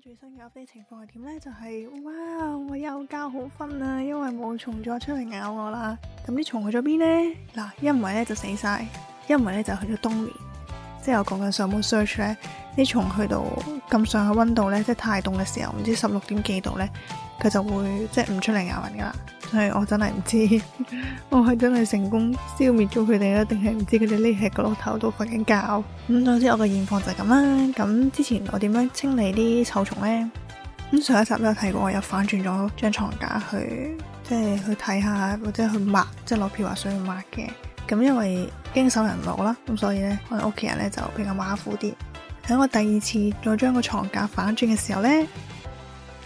最新嘅一啲情況係點咧？就係、是、哇，我又覺好瞓啊，因為冇蟲再出嚟咬我啦。咁啲蟲去咗邊咧？嗱，一唔係咧就死晒，一唔係咧就去咗冬眠。即係我講緊上網 search 咧，啲蟲去到咁上下溫度咧，即係太凍嘅時候，唔知十六點幾度咧，佢就會即係唔出嚟咬人噶啦。所以我真係唔知， 我係真係成功消滅咗佢哋咧，定係唔知佢哋匿喺個爐頭都瞓緊覺。咁、嗯、總之我嘅現況就係咁啦。咁之前我點樣清理啲臭蟲咧？咁上一集有提過，我有反轉咗張床架去，即係去睇下或者去抹，即係攞漂白水去抹嘅。咁因為經手人老啦，咁所以咧我哋屋企人咧就比較馬虎啲。喺我第二次再將個床架反轉嘅時候咧，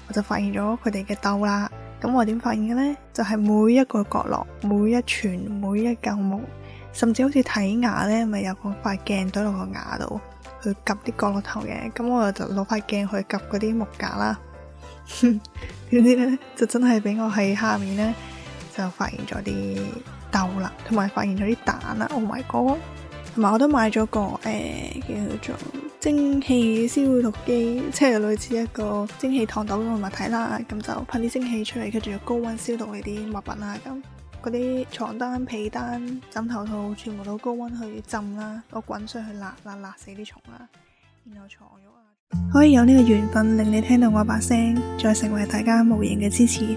我就發現咗佢哋嘅兜啦。咁我點發現嘅咧？就係每一個角落、每一寸、每一嚿木，甚至好似睇牙咧，咪有個塊鏡懟落個牙度去夾啲角落頭嘅。咁我就攞塊鏡去夾嗰啲木架啦。點知咧，就真係俾我喺下面咧。就發現咗啲竇啦，同埋發現咗啲蛋啦，oh my god！同埋我都買咗個誒、欸、叫做蒸汽消毒機，即係類似一個蒸汽燙斗咁嘅物體啦。咁就噴啲蒸汽出嚟，跟住用高溫消毒你啲物品啊。咁嗰啲床單、被單、枕頭套全部都高溫去浸啦，攞滾水去辣辣辣死啲蟲啦。然後牀褥啊，可以有呢個緣分令你聽到我把聲，再成為大家無形嘅支持。